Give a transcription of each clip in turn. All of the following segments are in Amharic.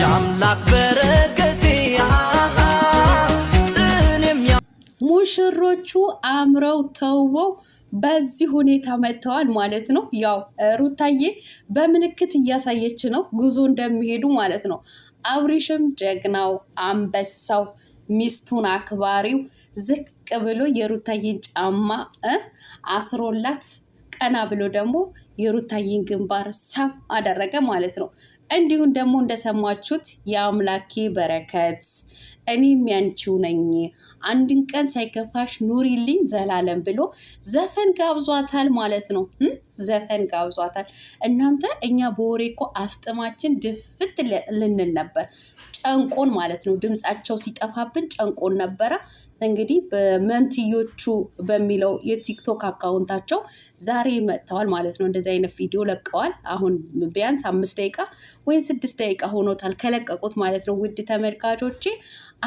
የአምላክ በረከቴ ሙሽሮቹ አምረው ተውበው በዚህ ሁኔታ መጥተዋል ማለት ነው። ያው ሩታዬ በምልክት እያሳየች ነው ጉዞ እንደሚሄዱ ማለት ነው። አብሪሽም ጀግናው አንበሳው ሚስቱን አክባሪው ዝቅ ብሎ የሩታዬን ጫማ አስሮላት ቀና ብሎ ደግሞ የሩታዬን ግንባር ሳም አደረገ ማለት ነው። እንዲሁም ደግሞ እንደሰማችሁት የአምላኬ በረከት እኔም ያንቺው ነኝ አንድን ቀን ሳይከፋሽ ኑሪልኝ ዘላለም ብሎ ዘፈን ጋብዟታል ማለት ነው። ዘፈን ጋብዟታል። እናንተ እኛ በወሬ እኮ አፍጥማችን ድፍት ልንል ነበር፣ ጨንቆን ማለት ነው። ድምፃቸው ሲጠፋብን ጨንቆን ነበረ። እንግዲህ በመንትዮቹ በሚለው የቲክቶክ አካውንታቸው ዛሬ መጥተዋል ማለት ነው። እንደዚህ አይነት ቪዲዮ ለቀዋል። አሁን ቢያንስ አምስት ደቂቃ ወይም ስድስት ደቂቃ ሆኖታል ከለቀቁት ማለት ነው። ውድ ተመልካቾቼ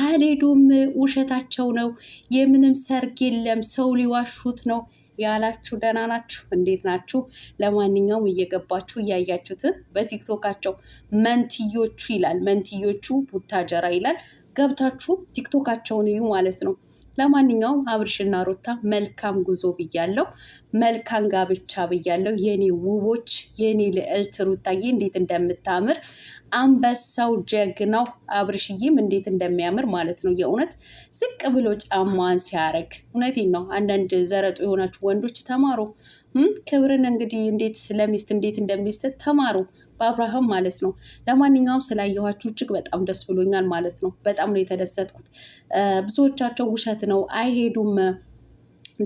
አልሄዱም፣ ውሸታቸው ነው፣ የምንም ሰርግ የለም፣ ሰው ሊዋሹት ነው ያላችሁ ደህና ናችሁ? እንዴት ናችሁ? ለማንኛውም እየገባችሁ እያያችሁት በቲክቶካቸው መንትዮቹ ይላል መንትዮቹ ቡታጀራ ይላል ገብታችሁ ቲክቶካቸውን እዩ ማለት ነው። ለማንኛውም አብርሽና ሩታ መልካም ጉዞ ብያለው፣ መልካም ጋብቻ ብያለው። የኔ ውቦች፣ የኔ ልዕልት ሩታዬ እንዴት እንደምታምር አንበሳው ጀግናው አብርሽዬም እንዴት እንደሚያምር ማለት ነው። የእውነት ዝቅ ብሎ ጫማዋን ሲያረግ እውነቴን ነው። አንዳንድ ዘረጡ የሆናችሁ ወንዶች ተማሩ። ክብርን እንግዲህ እንዴት ስለሚስት እንዴት እንደሚሰጥ ተማሩ በአብርሃም ማለት ነው። ለማንኛውም ስላየኋችሁ እጅግ በጣም ደስ ብሎኛል ማለት ነው። በጣም ነው የተደሰትኩት። ብዙዎቻቸው ውሸት ነው አይሄዱም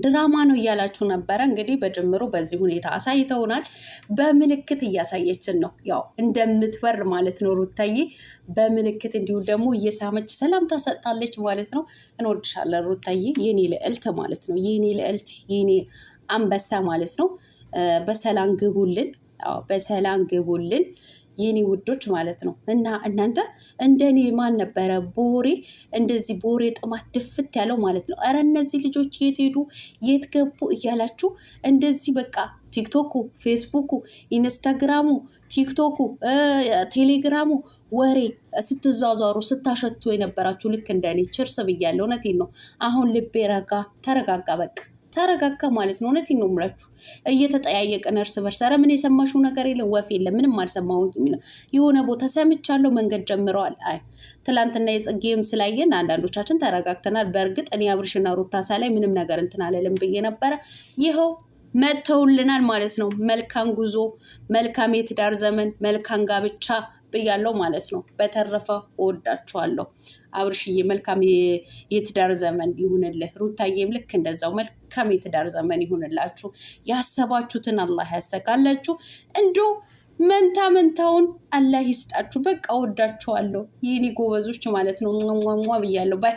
ድራማ ነው እያላችሁ ነበረ። እንግዲህ በጅምሩ በዚህ ሁኔታ አሳይተውናል። በምልክት እያሳየችን ነው ያው እንደምትበር ማለት ነው ሩታዬ። በምልክት እንዲሁም ደግሞ እየሳመች ሰላም ታሰጣለች ማለት ነው። እንወድሻለን ሩታዬ፣ የኔ ልዕልት ማለት ነው። የኔ ልዕልት የኔ አንበሳ ማለት ነው። በሰላም ግቡልን፣ በሰላም ግቡልን የኔ ውዶች ማለት ነው። እና እናንተ እንደኔ ማን ነበረ ቦሬ እንደዚህ ቦሬ ጥማት ድፍት ያለው ማለት ነው። እረ እነዚህ ልጆች የት ሄዱ የት ገቡ እያላችሁ እንደዚህ በቃ ቲክቶኩ፣ ፌስቡኩ፣ ኢንስታግራሙ፣ ቲክቶኩ፣ ቴሌግራሙ ወሬ ስትዟዟሩ ስታሸቱ የነበራችሁ ልክ እንደኔ ችርስ ብያለሁ። እውነቴን ነው። አሁን ልቤ ረጋ ተረጋጋ በቃ ተረጋጋ ማለት ነው። እውነቴን ነው የምላችሁ። እየተጠያየቅን እርስ በርስ ኧረ ምን የሰማሽው ነገር የለም ወፍ የለም ምንም አልሰማሁም የሚለው የሆነ ቦታ ሰምቻለሁ፣ መንገድ ጀምረዋል። አይ ትላንትና የጽጌም ስላየን አንዳንዶቻችን ተረጋግተናል። በእርግጥ እኔ አብርሽና ሩታሳ ላይ ምንም ነገር እንትን አልልም ብዬ ነበረ። ይኸው መጥተውልናል ማለት ነው። መልካም ጉዞ፣ መልካም የትዳር ዘመን፣ መልካም ጋብቻ ብያለው ማለት ነው። በተረፈ እወዳችኋለሁ። አብርሽዬ መልካም የትዳር ዘመን ይሁንልህ። ሩታዬም ልክ እንደዛው መልካም የትዳር ዘመን ይሁንላችሁ። ያሰባችሁትን አላህ ያሰቃላችሁ። እንዲሁ መንታ መንታውን አላህ ይስጣችሁ። በቃ እወዳችኋለሁ። ይህኔ ጎበዞች ማለት ነው። ብያለሁ ባይ